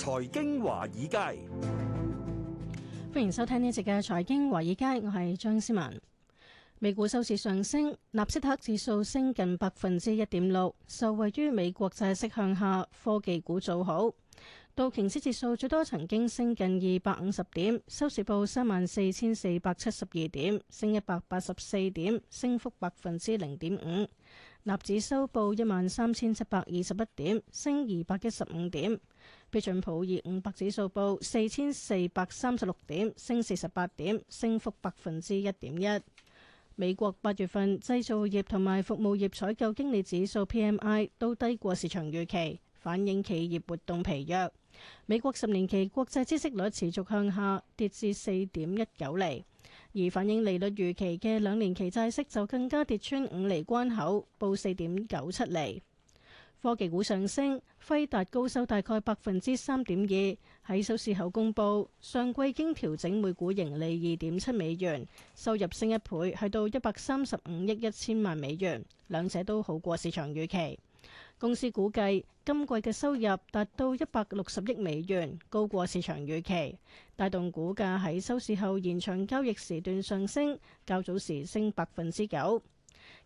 財經華爾街，歡迎收聽呢集嘅財經華爾街，我係張思文。美股收市上升，納斯達指數升近百分之一點六，受惠於美國債息向下，科技股做好。道瓊斯指數最多曾經升近二百五十點，收市報三萬四千四百七十二點，升一百八十四點，升幅百分之零點五。納指收報一萬三千七百二十一點，升二百一十五點。標準普爾五百指數報四千四百三十六點，升四十八點，升幅百分之一點一。美國八月份製造業同埋服務業採購經理指數 PMI 都低過市場預期，反映企業活動疲弱。美國十年期國債息率持續向下跌至四點一九厘。而反映利率預期嘅兩年期債息就更加跌穿五厘關口，報四點九七厘。科技股上升，輝達高收大概百分之三點二。喺收市後公佈，上季經調整每股盈利二點七美元，收入升一倍，去到一百三十五億一千萬美元，兩者都好過市場預期。公司估計今季嘅收入達到一百六十億美元，高過市場預期，帶動股價喺收市後延長交易時段上升。較早時升百分之九，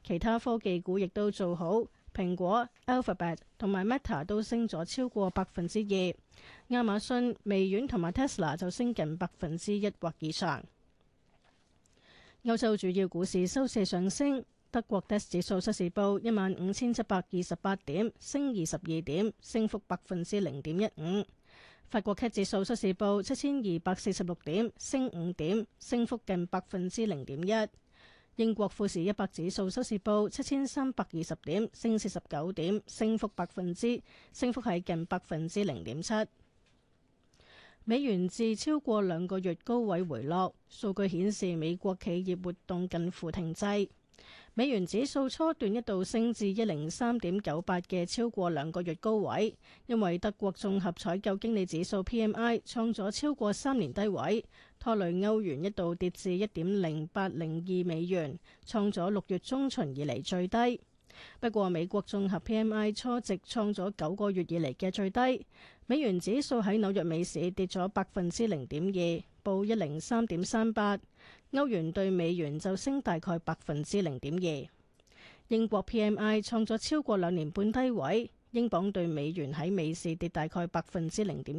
其他科技股亦都做好，蘋果、Alphabet 同埋 Meta 都升咗超過百分之二。亞馬遜、微軟同埋 Tesla 就升近百分之一或以上。歐洲主要股市收市上升。德國 D 指數收市報一萬五千七百二十八點，升二十二點，升幅百分之零點一五。法國 K 指數收市報七千二百四十六點，升五點，升幅近百分之零點一。英國富時一百指數收市報七千三百二十點，升四十九點，升幅百分之升幅係近百分之零點七。美元至超過兩個月高位回落，數據顯示美國企業活動近乎停滯。美元指數初段一度升至一零三點九八嘅超過兩個月高位，因為德國綜合採購經理指數 PMI 創咗超過三年低位，拖累歐元一度跌至一點零八零二美元，創咗六月中旬以嚟最低。不過美國綜合 PMI 初值創咗九個月以嚟嘅最低，美元指數喺紐約美市跌咗百分之零點二，報一零三點三八。歐元對美元就升大概百分之零點二，英國 PMI 創咗超過兩年半低位，英鎊對美元喺美市跌大概百分之零點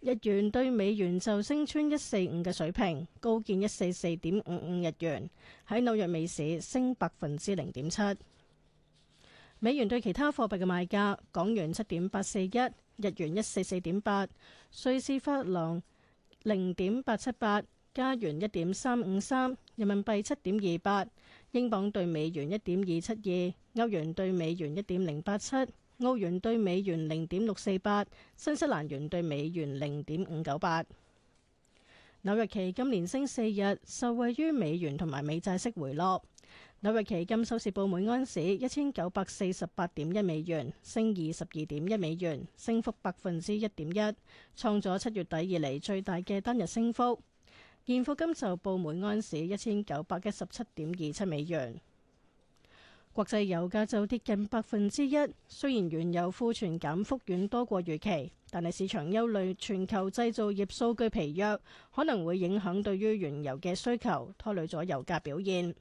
一，日元對美元就升穿一四五嘅水平，高見一四四點五五日元，喺紐約美市升百分之零點七。美元對其他貨幣嘅賣價：港元七點八四一，日元一四四點八，瑞士法郎零點八七八。加元一點三五三，3, 人民幣七點二八，英鎊兌美元一點二七二，歐元兌美元一點零八七，澳元兌美元零點六四八，新西蘭元兌美元零點五九八。紐約期金連升四日，受惠於美元同埋美債息回落。紐約期金收市報每安士一千九百四十八點一美元，升二十二點一美元，升幅百分之一點一，創咗七月底以嚟最大嘅單日升幅。現貨金就報每安士一千九百一十七點二七美元，國際油價就跌近百分之一。雖然原油庫存減幅遠多過預期，但係市場憂慮全球製造業數據疲弱，可能會影響對於原油嘅需求，拖累咗油價表現。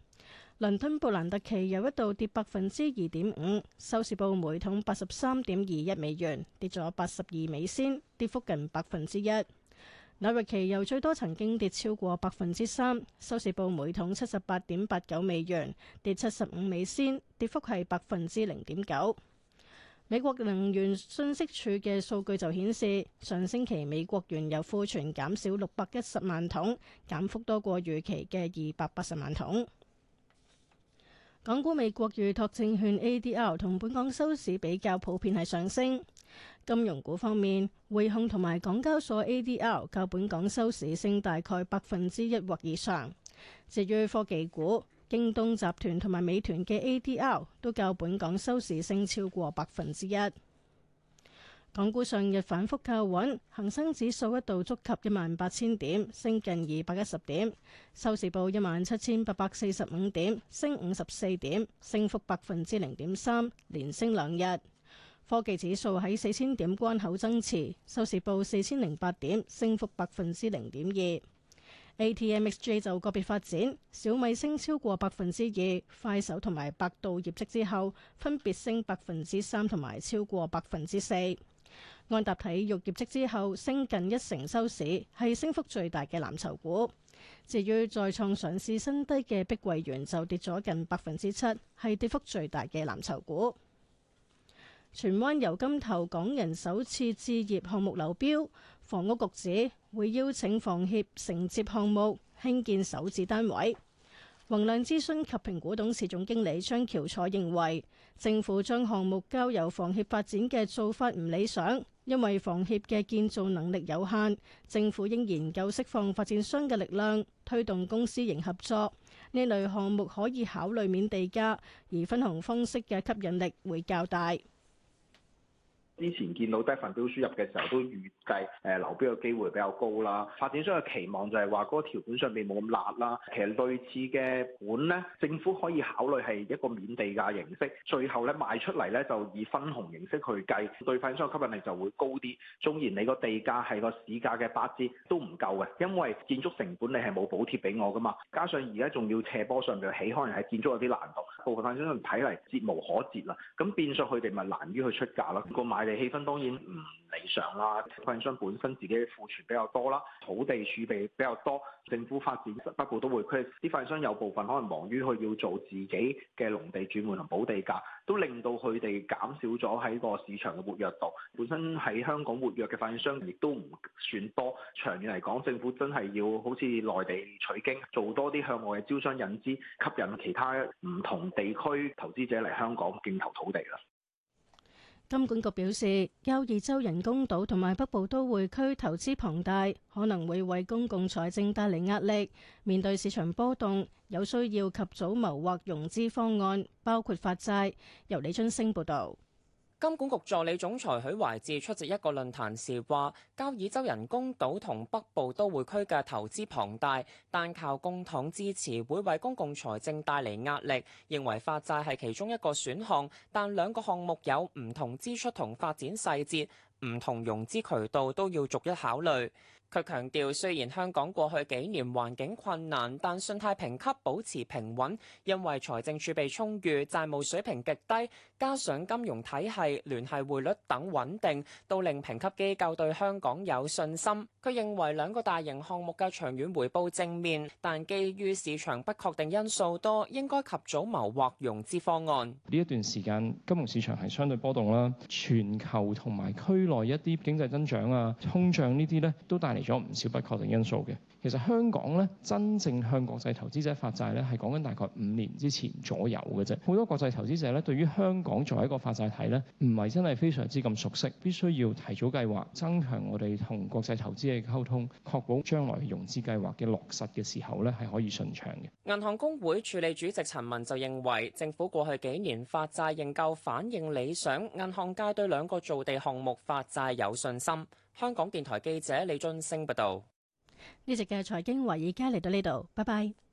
倫敦布蘭特期油一度跌百分之二點五，收市報每桶八十三點二一美元，跌咗八十二美仙，跌幅近百分之一。紐約期油最多曾經跌超過百分之三，收市報每桶七十八點八九美元，跌七十五美仙，跌幅係百分之零點九。美國能源信息署嘅數據就顯示，上星期美國原油庫存減少六百一十萬桶，減幅多過預期嘅二百八十萬桶。港股美國預託證券 ADR 同本港收市比較普遍係上升。金融股方面，匯控同埋港交所 A D L 較本港收市升大概百分之一或以上。至於科技股，京東集團同埋美團嘅 A D L 都較本港收市升超過百分之一。港股上日反覆靠穩，恒生指數一度觸及一萬八千點，升近二百一十點，收市報一萬七千八百四十五點，升五十四點，升幅百分之零點三，連升兩日。科技指數喺四千點關口增持，收市報四千零八點，升幅百分之零點二。ATMXJ 就個別發展，小米升超過百分之二，快手同埋百度業績之後，分別升百分之三同埋超過百分之四。安踏體育業績之後升近一成，收市係升幅最大嘅藍籌股。至於再創上市新低嘅碧桂園就跌咗近百分之七，係跌幅最大嘅藍籌股。荃灣油柑頭港人首次置業項目流標，房屋局指會邀請房協承接項目興建首置單位。宏亮諮詢及評估董事總經理張橋彩認為，政府將項目交由房協發展嘅做法唔理想，因為房協嘅建造能力有限。政府應研究釋放發展商嘅力量，推動公私營合作。呢類項目可以考慮免地價，而分紅方式嘅吸引力會較大。之前見到第一份標書入嘅時候，都預計誒流標嘅機會比較高啦。發展商嘅期望就係話，嗰個條款上面冇咁辣啦。其實類似嘅本咧，政府可以考慮係一個免地價形式，最後咧賣出嚟咧就以分紅形式去計，對發展商嘅吸引力就會高啲。縱然你個地價係個市價嘅八折都唔夠嘅，因為建築成本你係冇補貼俾我噶嘛。加上而家仲要斜坡上面起，可能係建築有啲難度。部分發展商睇嚟節無可節啦，咁變相佢哋咪難於去出價咯。個買佢哋氣氛當然唔理想啦，發展商本身自己庫存比較多啦，土地儲備比較多，政府發展北部都會區，啲發展商有部分可能忙於佢要做自己嘅農地轉換同補地價，都令到佢哋減少咗喺個市場嘅活躍度。本身喺香港活躍嘅發展商亦都唔算多，長遠嚟講，政府真係要好似內地取經，做多啲向外嘅招商引資，吸引其他唔同地區投資者嚟香港競投土地啦。金管局表示，交椅洲人工島同埋北部都會區投資龐大，可能會為公共財政帶嚟壓力。面對市場波動，有需要及早謀劃融資方案，包括發債。由李春升報道。金管局助理總裁許懷志出席一個論壇時話，交椅洲人工島同北部都會區嘅投資龐大，但靠公帑支持會為公共財政帶嚟壓力。認為發債係其中一個選項，但兩個項目有唔同支出同發展細節，唔同融資渠道都要逐一考慮。佢強調，雖然香港過去幾年環境困難，但信貸評級保持平穩，因為財政儲備充裕、債務水平極低，加上金融體系、聯繫匯率等穩定，都令評級機構對香港有信心。佢認為兩個大型項目嘅長遠回報正面，但基於市場不確定因素多，應該及早謀劃融資方案。呢一段時間金融市場係相對波動啦，全球同埋區內一啲經濟增長啊、通脹呢啲呢都帶嚟咗唔少不確定因素嘅，其實香港咧真正向國際投資者發債咧，係講緊大概五年之前左右嘅啫。好多國際投資者咧，對於香港作為一個發債體咧，唔係真係非常之咁熟悉，必須要提早計劃，增強我哋同國際投資嘅溝通，確保將來融資計劃嘅落實嘅時候咧，係可以順暢嘅。銀行公會署理主席陳文就認為，政府過去幾年發債應夠反映理想，銀行界對兩個造地項目發債有信心。 香港電台記者李俊升報道。呢集嘅財經華爾街嚟到呢度，拜拜。